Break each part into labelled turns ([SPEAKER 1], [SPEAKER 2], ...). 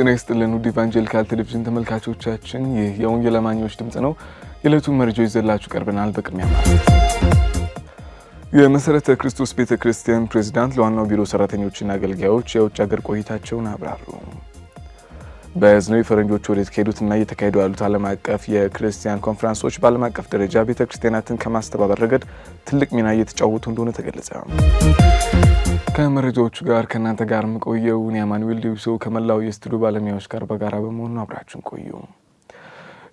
[SPEAKER 1] ጤና ይስጥልን ውድ ኢቫንጀሊካል ቴሌቪዥን ተመልካቾቻችን፣ ይህ የወንጌል አማኞች ድምፅ ነው። የዕለቱን መረጃዎች ይዘላችሁ ቀርበናል። በቅድሚያ የመሰረተ ክርስቶስ ቤተ ክርስቲያን ፕሬዚዳንት ለዋናው ቢሮ ሰራተኞችና አገልጋዮች የውጭ ሀገር ቆይታቸውን አብራሩ። በያዝነው የፈረንጆቹ ወር የተካሄዱት እና እየተካሄዱ ያሉት ዓለም አቀፍ የክርስቲያን ኮንፈረንሶች በዓለም አቀፍ ደረጃ ቤተ ክርስቲያናትን ከማስተባበር ረገድ ትልቅ ሚና እየተጫወቱ እንደሆነ ተገለጸ። ከመረጃዎቹ ጋር ከእናንተ ጋር የምቆየው እኔ አማኑኤል ዲብሶ ከመላው የስቱዲዮ ባለሙያዎች ጋር በጋራ በመሆኑ አብራችን ቆዩ።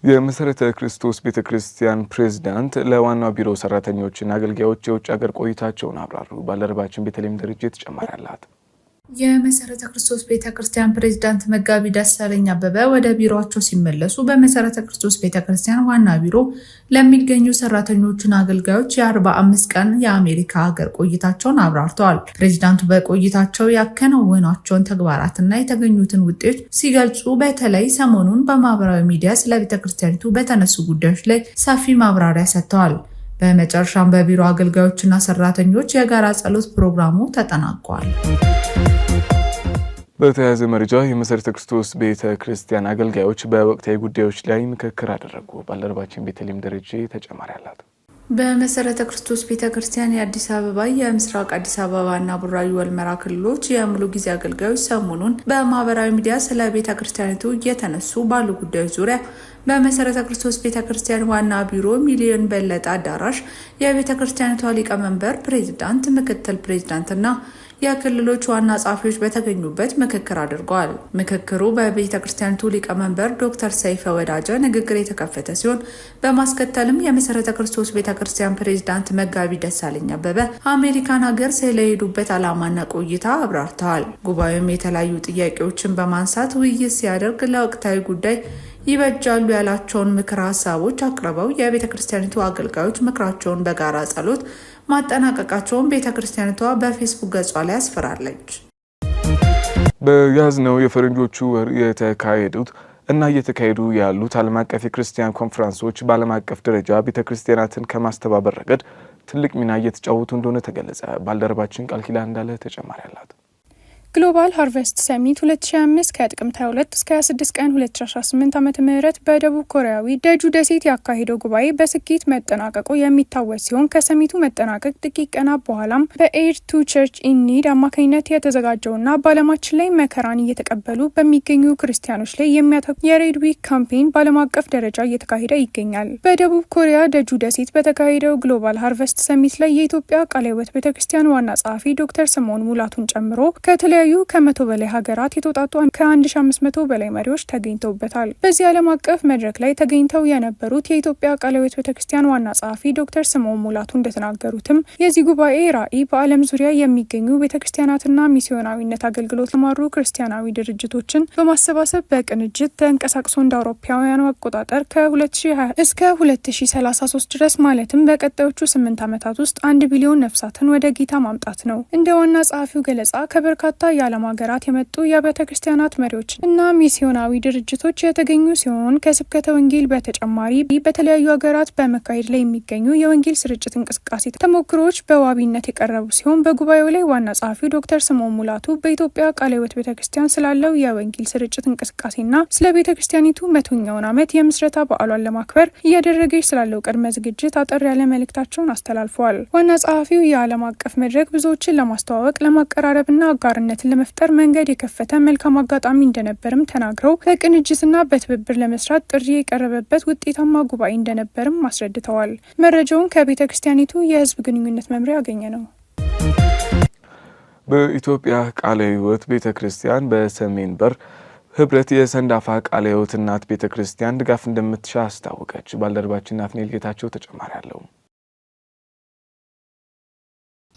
[SPEAKER 1] የመሰረተ ክርስቶስ ቤተ ክርስቲያን ፕሬዚዳንት ለዋናው ቢሮ ሰራተኞችና አገልጋዮች የውጭ ሀገር ቆይታቸውን አብራሩ። ባልደረባችን ቤተልሔም ደረጀ ተጨማሪ አላት።
[SPEAKER 2] የመሰረተ ክርስቶስ ቤተ ክርስቲያን ፕሬዚዳንት መጋቢ ደሳለኝ አበበ ወደ ቢሮቸው ሲመለሱ በመሰረተ ክርስቶስ ቤተ ክርስቲያን ዋና ቢሮ ለሚገኙ ሰራተኞችን አገልጋዮች የ45 ቀን የአሜሪካ ሀገር ቆይታቸውን አብራርተዋል። ፕሬዚዳንቱ በቆይታቸው ያከናወኗቸውን ተግባራትና የተገኙትን ውጤት ሲገልጹ በተለይ ሰሞኑን በማህበራዊ ሚዲያ ስለ ቤተ ክርስቲያኒቱ በተነሱ ጉዳዮች ላይ ሰፊ ማብራሪያ ሰጥተዋል። በመጨረሻም በቢሮ አገልጋዮችና ሰራተኞች የጋራ ጸሎት ፕሮግራሙ ተጠናቋል።
[SPEAKER 1] በተያያዘ መረጃ የመሰረተ ክርስቶስ ቤተ ክርስቲያን አገልጋዮች በወቅታዊ ጉዳዮች ላይ ምክክር አደረጉ። ባልደረባችን ቤተልሔም ደረጀ ተጨማሪ አላት።
[SPEAKER 2] በመሰረተ ክርስቶስ ቤተ ክርስቲያን የአዲስ አበባ የምስራቅ አዲስ አበባና ቡራዩ ወልመራ ክልሎች የሙሉ ጊዜ አገልጋዮች ሰሞኑን በማህበራዊ ሚዲያ ስለ ቤተ ክርስቲያኒቱ እየተነሱ ባሉ ጉዳዮች ዙሪያ በመሰረተ ክርስቶስ ቤተ ክርስቲያን ዋና ቢሮ ሚሊዮን በለጠ አዳራሽ የቤተ ክርስቲያኒቷ ሊቀመንበር፣ ፕሬዚዳንት፣ ምክትል ፕሬዚዳንትና የክልሎች ዋና ጸሐፊዎች በተገኙበት ምክክር አድርጓል። ምክክሩ በቤተ ክርስቲያኒቱ ሊቀመንበር ዶክተር ሰይፈ ወዳጀ ንግግር የተከፈተ ሲሆን በማስከተልም የመሰረተ ክርስቶስ ቤተ ክርስቲያን ፕሬዚዳንት መጋቢ ደሳለኝ አበበ አሜሪካን ሀገር ስለሄዱበት ዓላማና ቆይታ አብራርተዋል። ጉባኤውም የተለያዩ ጥያቄዎችን በማንሳት ውይይት ሲያደርግ ለወቅታዊ ጉዳይ ይበጃሉ ያላቸውን ምክር ሀሳቦች አቅርበው የቤተ ክርስቲያኒቱ አገልጋዮች ምክራቸውን በጋራ ጸሎት ማጠናቀቃቸውን ቤተ ክርስቲያኒቷ በፌስቡክ ገጿ ላይ አስፈራለች።
[SPEAKER 1] በያዝነው የፈረንጆቹ ወር የተካሄዱት እና እየተካሄዱ ያሉት ዓለም አቀፍ የክርስቲያን ኮንፈረንሶች በዓለም አቀፍ ደረጃ ቤተ ክርስቲያናትን ከማስተባበር ረገድ ትልቅ ሚና እየተጫወቱ እንደሆነ ተገለጸ። ባልደረባችን ቃል ኪዳን እንዳለ ተጨማሪ አላት።
[SPEAKER 2] ግሎባል ሃርቨስት ሰሚት 2025 ከጥቅምት 22 እስከ 26 ቀን 2018 ዓ ም በደቡብ ኮሪያዊ ደጁ ደሴት ያካሄደው ጉባኤ በስኬት መጠናቀቁ የሚታወስ ሲሆን ከሰሚቱ መጠናቀቅ ጥቂት ቀናት በኋላም በኤድ ቱ ቸርች ኢኒድ አማካኝነት የተዘጋጀውና በዓለማችን ላይ መከራን እየተቀበሉ በሚገኙ ክርስቲያኖች ላይ የሚያተኩ የሬድ ዊክ ካምፔን በዓለም አቀፍ ደረጃ እየተካሄደ ይገኛል። በደቡብ ኮሪያ ደጁ ደሴት በተካሄደው ግሎባል ሃርቨስት ሰሚት ላይ የኢትዮጵያ ቃለ ሕይወት ቤተክርስቲያን ዋና ጸሐፊ ዶክተር ስምዖን ሙላቱን ጨምሮ ከተለያዩ ከተለያዩ ከመቶ በላይ ሀገራት የተውጣጡ ከ1500 በላይ መሪዎች ተገኝተውበታል። በዚህ ዓለም አቀፍ መድረክ ላይ ተገኝተው የነበሩት የኢትዮጵያ ቃለ ሕይወት ቤተክርስቲያን ዋና ጸሐፊ ዶክተር ስምዖን ሙላቱ እንደተናገሩትም የዚህ ጉባኤ ራዕይ በዓለም ዙሪያ የሚገኙ ቤተክርስቲያናትና ሚስዮናዊነት አገልግሎት ለማሩ ክርስቲያናዊ ድርጅቶችን በማሰባሰብ በቅንጅት ተንቀሳቅሶ እንደ አውሮፓውያኑ አቆጣጠር ከ2020 እስከ 2033 ድረስ ማለትም በቀጣዮቹ ስምንት ዓመታት ውስጥ አንድ ቢሊዮን ነፍሳትን ወደ ጌታ ማምጣት ነው። እንደ ዋና ጸሐፊው ገለጻ ከበርካታ የዓለም ሀገራት የመጡ የቤተ ክርስቲያናት መሪዎች እና ሚስዮናዊ ድርጅቶች የተገኙ ሲሆን ከስብከተ ወንጌል በተጨማሪ በተለያዩ ሀገራት በመካሄድ ላይ የሚገኙ የወንጌል ስርጭት እንቅስቃሴ ተሞክሮዎች በዋቢነት የቀረቡ ሲሆን በጉባኤው ላይ ዋና ጸሐፊው ዶክተር ስምዖን ሙላቱ በኢትዮጵያ ቃለ ሕይወት ቤተ ክርስቲያን ስላለው የወንጌል ስርጭት እንቅስቃሴና ስለ ቤተ ክርስቲያኒቱ መቶኛውን ዓመት የምስረታ በዓሏን ለማክበር እያደረገች ስላለው ቅድመ ዝግጅት አጠር ያለ መልእክታቸውን አስተላልፈዋል። ዋና ጸሐፊው የዓለም አቀፍ መድረክ ብዙዎችን ለማስተዋወቅ ለማቀራረብና አጋርነት ግንኙነትን ለመፍጠር መንገድ የከፈተ መልካም አጋጣሚ እንደነበርም ተናግረው በቅንጅትና በትብብር ለመስራት ጥሪ የቀረበበት ውጤታማ ጉባኤ እንደነበርም አስረድተዋል። መረጃውን ከቤተ ክርስቲያኒቱ የህዝብ ግንኙነት መምሪያ ያገኘ ነው።
[SPEAKER 1] በኢትዮጵያ ቃለ ሕይወት ቤተ ክርስቲያን በሰሜን በር ህብረት የሰንዳፋ ቃለ ሕይወት እናት ቤተ ክርስቲያን ድጋፍ እንደምትሻ አስታወቀች። ባልደረባችን ናትናኤል ጌታቸው ተጨማሪ አለው።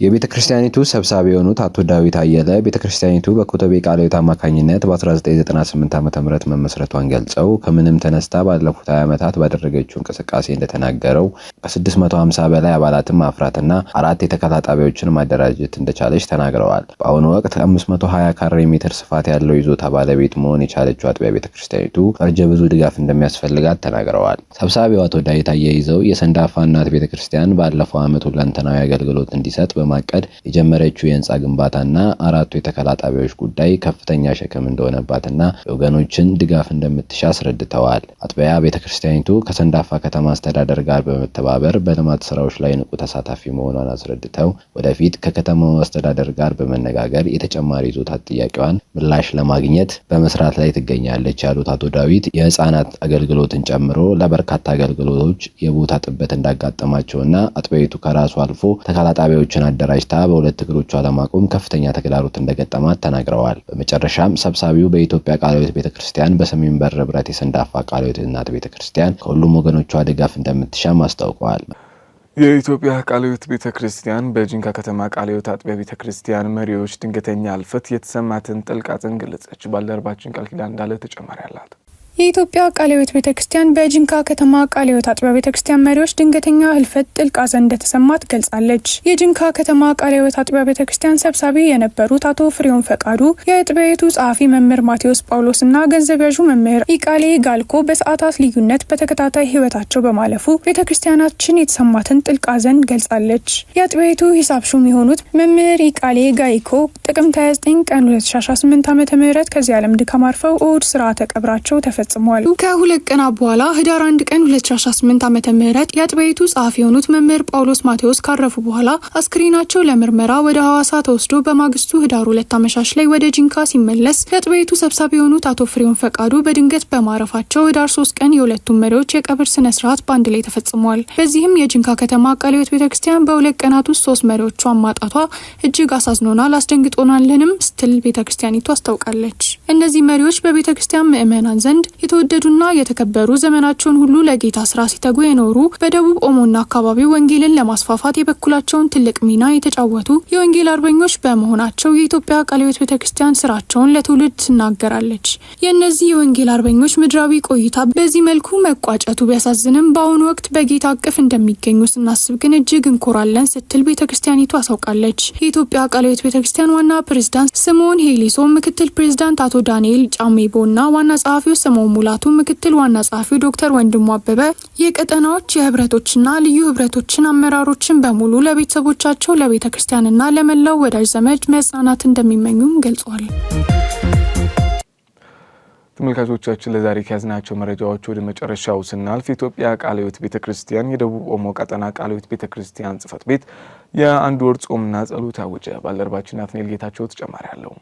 [SPEAKER 1] የቤተ ክርስቲያኒቱ ሰብሳቢ የሆኑት አቶ ዳዊት አየለ ቤተ ክርስቲያኒቱ በኮተቤ ቃለ ሕይወት አማካኝነት በ1998 ዓ ም መመስረቷን ገልጸው ከምንም ተነስታ ባለፉት 20 ዓመታት ባደረገችው እንቅስቃሴ እንደተናገረው ከ650 በላይ አባላትን ማፍራትና አራት የተከላ ጣቢያዎችን ማደራጀት እንደቻለች ተናግረዋል። በአሁኑ ወቅት 520 ካሬ ሜትር ስፋት ያለው ይዞታ ባለቤት መሆን የቻለችው አጥቢያ ቤተ ክርስቲያኒቱ እርጀ ብዙ ድጋፍ እንደሚያስፈልጋት ተናግረዋል። ሰብሳቢው አቶ ዳዊት አያይዘው የሰንዳፋ እናት ቤተ ክርስቲያን ባለፈው ዓመት ሁለንተናዊ አገልግሎት እንዲሰጥ በማቀድ የጀመረችው የህንፃ ግንባታና አራቱ የተከላ ጣቢያዎች ጉዳይ ከፍተኛ ሸክም እንደሆነባትና የወገኖችን ድጋፍ እንደምትሻ አስረድተዋል። አጥቢያ ቤተ ክርስቲያኒቱ ከሰንዳፋ ከተማ አስተዳደር ጋር በመተባበር በልማት ስራዎች ላይ ንቁ ተሳታፊ መሆኗን አስረድተው ወደፊት ከከተማው አስተዳደር ጋር በመነጋገር የተጨማሪ ይዞታ ጥያቄዋን ምላሽ ለማግኘት በመስራት ላይ ትገኛለች ያሉት አቶ ዳዊት የህፃናት አገልግሎትን ጨምሮ ለበርካታ አገልግሎቶች የቦታ ጥበት እንዳጋጠማቸውና አጥቢያይቱ ከራሱ አልፎ ተከላ ጣቢያዎችን አደራጅታ በሁለት እግሮቿ ለማቆም ከፍተኛ ተግዳሮት እንደገጠማት ተናግረዋል። በመጨረሻም ሰብሳቢው በኢትዮጵያ ቃልዮት ቤተ ክርስቲያን በሰሜን በር ብረት የሰንዳፋ ቃልዮት እናት ቤተ ክርስቲያን ከሁሉም ወገኖቿ ድጋፍ እንደምትሻም አስታውቀዋል። የኢትዮጵያ ቃልዮት ቤተ ክርስቲያን በጂንካ ከተማ ቃልዮት አጥቢያ ቤተ ክርስቲያን መሪዎች ድንገተኛ አልፈት የተሰማትን ጥልቅ ሐዘን ገለጸች። ባልደረባችን ቃል ኪዳን እንዳለ ተጨማሪ አላት።
[SPEAKER 2] የኢትዮጵያ ቃለ ሕይወት ቤተ ክርስቲያን በጂንካ ከተማ ቃለ ሕይወት አጥቢያ ቤተ ክርስቲያን መሪዎች ድንገተኛ ህልፈት ጥልቅ ሐዘን እንደተሰማት ገልጻለች። የጂንካ ከተማ ቃለ ሕይወት አጥቢያ ቤተ ክርስቲያን ሰብሳቢ የነበሩት አቶ ፍሬውን ፈቃዱ፣ የአጥቢያ ቤቱ ጸሐፊ መምህር ማቴዎስ ጳውሎስ እና ገንዘብ ያዡ መምህር ኢቃሌ ጋልኮ በሰዓታት ልዩነት በተከታታይ ህይወታቸው በማለፉ ቤተ ክርስቲያናችን የተሰማትን ጥልቅ ሐዘን ገልጻለች። የአጥቢያ ቤቱ ሂሳብ ሹም የሆኑት መምህር ኢቃሌ ጋይኮ ጥቅምት 29 ቀን 2018 ዓ ም ከዚህ ዓለም ድካም አርፈው እሁድ ስርዓተ ቀብራቸው ተፈ ተፈጽሟል። ከሁለት ቀናት በኋላ ህዳር 1 ቀን 2018 ዓመተ ምህረት የአጥቢያ ቤቱ ጸሐፊ የሆኑት መምህር ጳውሎስ ማቴዎስ ካረፉ በኋላ አስክሬናቸው ለምርመራ ወደ ሐዋሳ ተወስዶ በማግስቱ ህዳር ሁለት አመሻሽ ላይ ወደ ጂንካ ሲመለስ የአጥቢያ ሰብሳቢ የሆኑት አቶ ፍሬውን ፈቃዱ በድንገት በማረፋቸው ህዳር ሶስት ቀን የሁለቱም መሪዎች የቀብር ስነ ስርዓት በአንድ ላይ ተፈጽሟል። በዚህም የጂንካ ከተማ ቃለ ሕይወት ቤተክርስቲያን በሁለት ቀናት ውስጥ ሶስት መሪዎቿን ማጣቷ እጅግ አሳዝኖናል፣ አስደንግጦናልንም ስትል ቤተክርስቲያኒቱ አስታውቃለች። እነዚህ መሪዎች በቤተክርስቲያን ምዕመናን ዘንድ የተወደዱና የተከበሩ ዘመናቸውን ሁሉ ለጌታ ስራ ሲተጉ የኖሩ በደቡብ ኦሞና አካባቢ ወንጌልን ለማስፋፋት የበኩላቸውን ትልቅ ሚና የተጫወቱ የወንጌል አርበኞች በመሆናቸው የኢትዮጵያ ቃለ ሕይወት ቤተ ክርስቲያን ስራቸውን ለትውልድ ትናገራለች። የእነዚህ የወንጌል አርበኞች ምድራዊ ቆይታ በዚህ መልኩ መቋጨቱ ቢያሳዝንም በአሁኑ ወቅት በጌታ እቅፍ እንደሚገኙ ስናስብ ግን እጅግ እንኮራለን ስትል ቤተ ክርስቲያኒቱ አሳውቃለች። የኢትዮጵያ ቃለ ሕይወት ቤተ ክርስቲያን ዋና ፕሬዚዳንት ስምኦን ሄሊሶ፣ ምክትል ፕሬዚዳንት አቶ ዳንኤል ጫሜቦ እና ዋና ጸሐፊው ሙላቱ ምክትል ዋና ጸሐፊ ዶክተር ወንድሙ አበበ የቀጠናዎች የህብረቶችና ልዩ ህብረቶችን አመራሮችን በሙሉ ለቤተሰቦቻቸው ለቤተ ክርስቲያንና ለመላው ወዳጅ ዘመድ መጽናናት እንደሚመኙም ገልጿል።
[SPEAKER 1] ተመልካቾቻችን ለዛሬ ከያዝናቸው መረጃዎች ወደ መጨረሻው ስናልፍ የኢትዮጵያ ቃለ ሕይወት ቤተ ክርስቲያን የደቡብ ኦሞ ቀጠና ቃለ ሕይወት ቤተ ክርስቲያን ጽሕፈት ቤት የአንድ ወር ጾምና ጸሎት አወጀ። ባልደረባችን አፍኔል ጌታቸው ተጨማሪ አለው።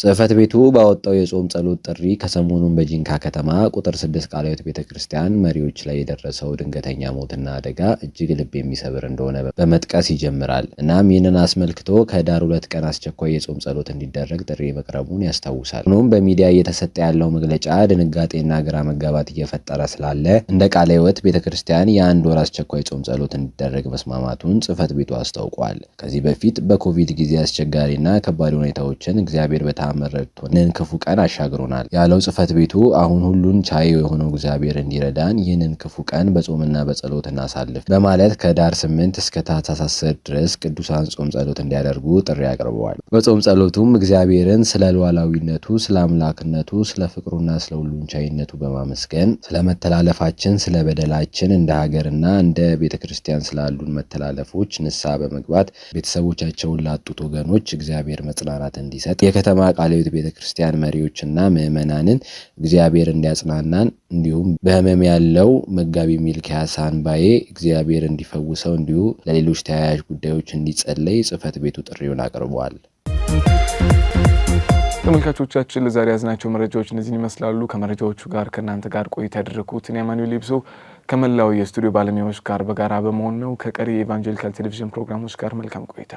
[SPEAKER 1] ጽህፈት ቤቱ ባወጣው የጾም ጸሎት ጥሪ ከሰሞኑን በጂንካ ከተማ ቁጥር ስድስት ቃለ ሕይወት ቤተ ክርስቲያን መሪዎች ላይ የደረሰው ድንገተኛ ሞትና አደጋ እጅግ ልብ የሚሰብር እንደሆነ በመጥቀስ ይጀምራል። እናም ይህንን አስመልክቶ ከህዳር ሁለት ቀን አስቸኳይ የጾም ጸሎት እንዲደረግ ጥሪ መቅረቡን ያስታውሳል። ሆኖም በሚዲያ እየተሰጠ ያለው መግለጫ ድንጋጤና ግራ መጋባት እየፈጠረ ስላለ እንደ ቃለ ሕይወት ቤተ ክርስቲያን የአንድ ወር አስቸኳይ ጾም ጸሎት እንዲደረግ መስማማቱን ጽህፈት ቤቱ አስታውቋል። ከዚህ በፊት በኮቪድ ጊዜ አስቸጋሪና ከባድ ሁኔታዎችን እግዚአብሔር በታ በጣም ረድቶንን ክፉ ቀን አሻግሮናል ያለው ጽህፈት ቤቱ አሁን ሁሉን ቻይ የሆነው እግዚአብሔር እንዲረዳን ይህንን ክፉ ቀን በጾምና በጸሎት እናሳልፍ በማለት ከዳር ስምንት እስከ ታኅሳስ አስር ድረስ ቅዱሳን ጾም ጸሎት እንዲያደርጉ ጥሪ አቅርበዋል። በጾም ጸሎቱም እግዚአብሔርን ስለ ሉዓላዊነቱ፣ ስለ አምላክነቱ፣ ስለ ፍቅሩና ስለ ሁሉን ቻይነቱ በማመስገን ስለ መተላለፋችን፣ ስለ በደላችን እንደ ሀገርና እንደ ቤተ ክርስቲያን ስላሉን መተላለፎች ንስሐ በመግባት ቤተሰቦቻቸውን ላጡት ወገኖች እግዚአብሔር መጽናናት እንዲሰጥ የከተማ ቃለ ሕይወት ቤተ ክርስቲያን መሪዎችና ምዕመናንን እግዚአብሔር እንዲያጽናናን እንዲሁም በህመም ያለው መጋቢ ሚልኪያስ አንባዬ እግዚአብሔር እንዲፈውሰው እንዲሁ ለሌሎች ተያያዥ ጉዳዮች እንዲጸለይ ጽህፈት ቤቱ ጥሪውን አቅርበዋል። ተመልካቾቻችን ለዛሬ ያዝናቸው መረጃዎች እነዚህን ይመስላሉ። ከመረጃዎቹ ጋር ከእናንተ ጋር ቆይታ ያደረግኩት እኔ አማኑኤል ይብሶ ከመላው የስቱዲዮ ባለሙያዎች ጋር በጋራ በመሆን ነው። ከቀሪ የኢቫንጀሊካል ቴሌቪዥን ፕሮግራሞች ጋር መልካም ቆይታ